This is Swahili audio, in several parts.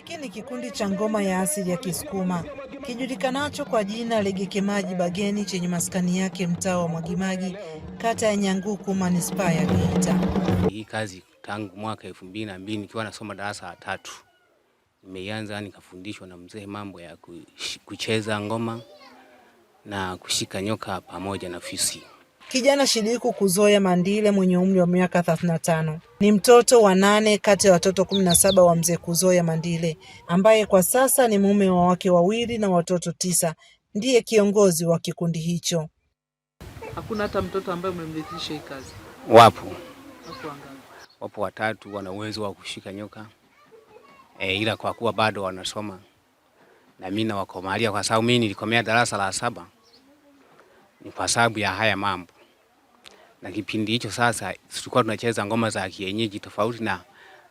Hiki ni kikundi cha ngoma ya asili ya Kisukuma kijulikanacho kwa jina Legekemaji Bageni chenye maskani yake mtaa wa Mwagimagi, kata ya Nyanguku, manispaa ya Geita. Hii kazi tangu mwaka elfu mbili na mbili nikiwa nasoma darasa la tatu nimeianza, nikafundishwa na mzee mambo ya kucheza ngoma na kushika nyoka pamoja na fisi. Kijana Shidiku Kuzoya Mandile mwenye umri wa miaka 35 ni mtoto wa nane kati ya watoto kumi na saba wa mzee Kuzoya Mandile ambaye kwa sasa ni mume wa wake wawili na watoto tisa, ndiye kiongozi wa kikundi hicho. Hakuna hata mtoto ambaye umemletisha hii kazi? Wapo, wapo watatu wana uwezo wa kushika nyoka e, ila kwa kuwa bado wanasoma na mimi nawakomalia, kwa sababu mimi nilikomea darasa la saba ni kwa sababu ya haya mambo na kipindi hicho sasa tulikuwa tunacheza ngoma za kienyeji tofauti na,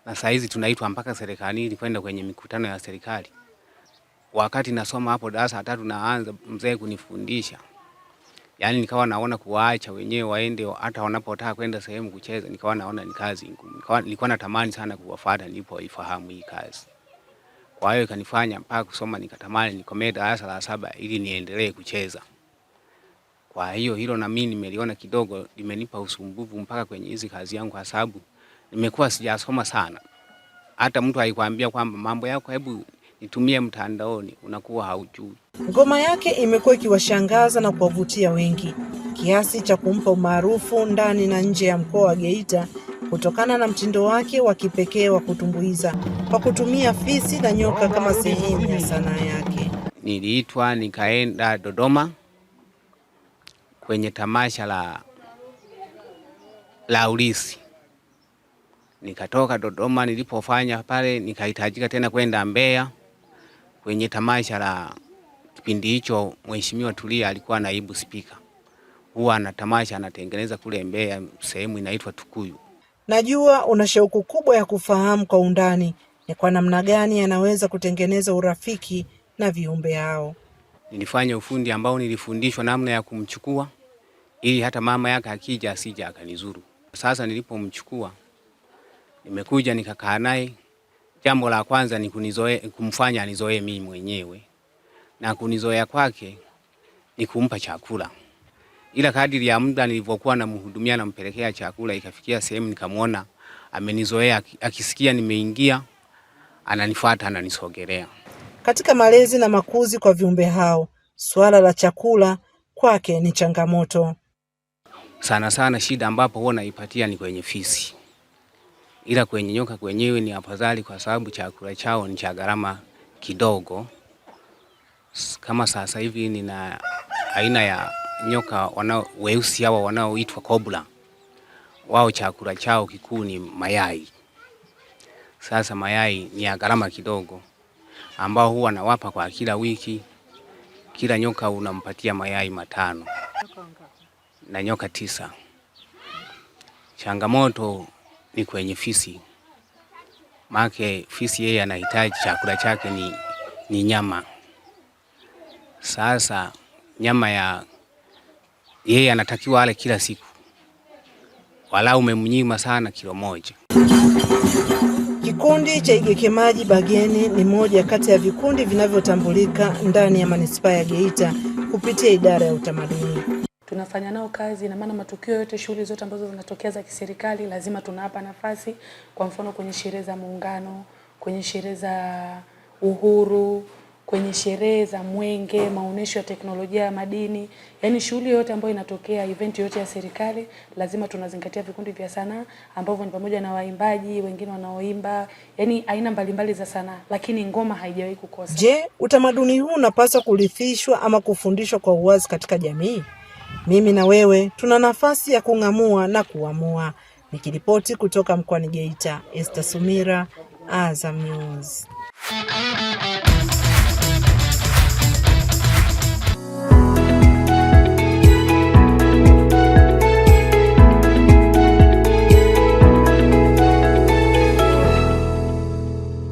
na saa hizi tunaitwa mpaka serikalini kwenda kwenye mikutano ya serikali. Wakati nasoma hapo darasa la tatu, naanza mzee kunifundisha, yani nikawa naona kuwaacha wenyewe waende, hata wanapotaka kwenda sehemu kucheza, nikawa naona ni kazi ngumu. Nilikuwa natamani sana kuwafuata nilipoifahamu hii kazi, kwa hiyo ikanifanya mpaka kusoma nikatamani nikomee darasa la saba ili niendelee kucheza. Kwa hiyo hilo na mimi nimeliona kidogo limenipa usumbufu mpaka kwenye hizi kazi yangu, kwa sababu nimekuwa sijasoma sana. Hata mtu alikwambia kwamba mambo yako hebu nitumie mtandaoni, unakuwa haujui. Ngoma yake imekuwa ikiwashangaza na kuwavutia wengi kiasi cha kumpa umaarufu ndani na nje ya mkoa wa Geita kutokana na mtindo wake wa kipekee wa kutumbuiza kwa kutumia fisi na nyoka kama sehemu ya sanaa yake. Niliitwa nikaenda Dodoma kwenye tamasha la, la ulisi. Nikatoka Dodoma nilipofanya pale, nikahitajika tena kwenda Mbeya kwenye tamasha la kipindi hicho. Mheshimiwa Tulia alikuwa naibu spika, huwa na tamasha anatengeneza kule Mbeya, sehemu inaitwa Tukuyu. Najua una shauku kubwa ya kufahamu kwa undani ni kwa namna gani anaweza kutengeneza urafiki na viumbe hao. Nilifanya ufundi ambao nilifundishwa namna ya kumchukua ili hata mama yake akija asija akanizuru. Sasa nilipomchukua nimekuja nikakaa naye, jambo la kwanza ni kunizoe, kumfanya anizoee mimi mwenyewe, na kunizoea kwake ni kumpa chakula, ila kadiri ya muda nilivyokuwa namhudumia, nampelekea chakula, ikafikia sehemu nikamwona amenizoea, akisikia nimeingia ananifuata, ananisogelea. Katika malezi na makuzi kwa viumbe hao, suala la chakula kwake ni changamoto. Sana sana shida ambapo huwa naipatia ni kwenye fisi, ila kwenye nyoka kwenyewe ni afadhali, kwa sababu chakula chao ni cha gharama kidogo. Kama sasa hivi nina aina ya nyoka wanao weusi hawa wanaoitwa kobra, wao chakula chao kikuu ni mayai. Sasa mayai ni ya gharama kidogo, ambao huwa nawapa kwa kila wiki, kila nyoka unampatia mayai matano na nyoka tisa. Changamoto ni kwenye fisi, make fisi yeye anahitaji chakula chake ni, ni nyama. Sasa nyama ya yeye anatakiwa ale kila siku, wala umemnyima sana kilo moja. Kikundi cha Igekemaji Bageni ni moja kati ya vikundi vinavyotambulika ndani ya manispaa ya Geita kupitia idara ya utamaduni tunafanya nao kazi. Ina maana matukio yote, shughuli zote ambazo zinatokea za kiserikali lazima tunawapa nafasi. Kwa mfano kwenye sherehe za Muungano, kwenye sherehe za Uhuru, kwenye sherehe za Mwenge, maonesho ya teknolojia ya madini, yaani shughuli yote ambayo inatokea, event yote ya serikali, lazima tunazingatia vikundi vya sanaa ambavyo ni pamoja na waimbaji wengine wanaoimba, yaani aina mbalimbali za sanaa, lakini ngoma haijawahi kukosa. Je, utamaduni huu unapaswa kurithishwa ama kufundishwa kwa uwazi katika jamii? Mimi na wewe tuna nafasi ya kung'amua na kuamua. Nikiripoti kutoka mkoani Geita, Esther Sumira, Azam News.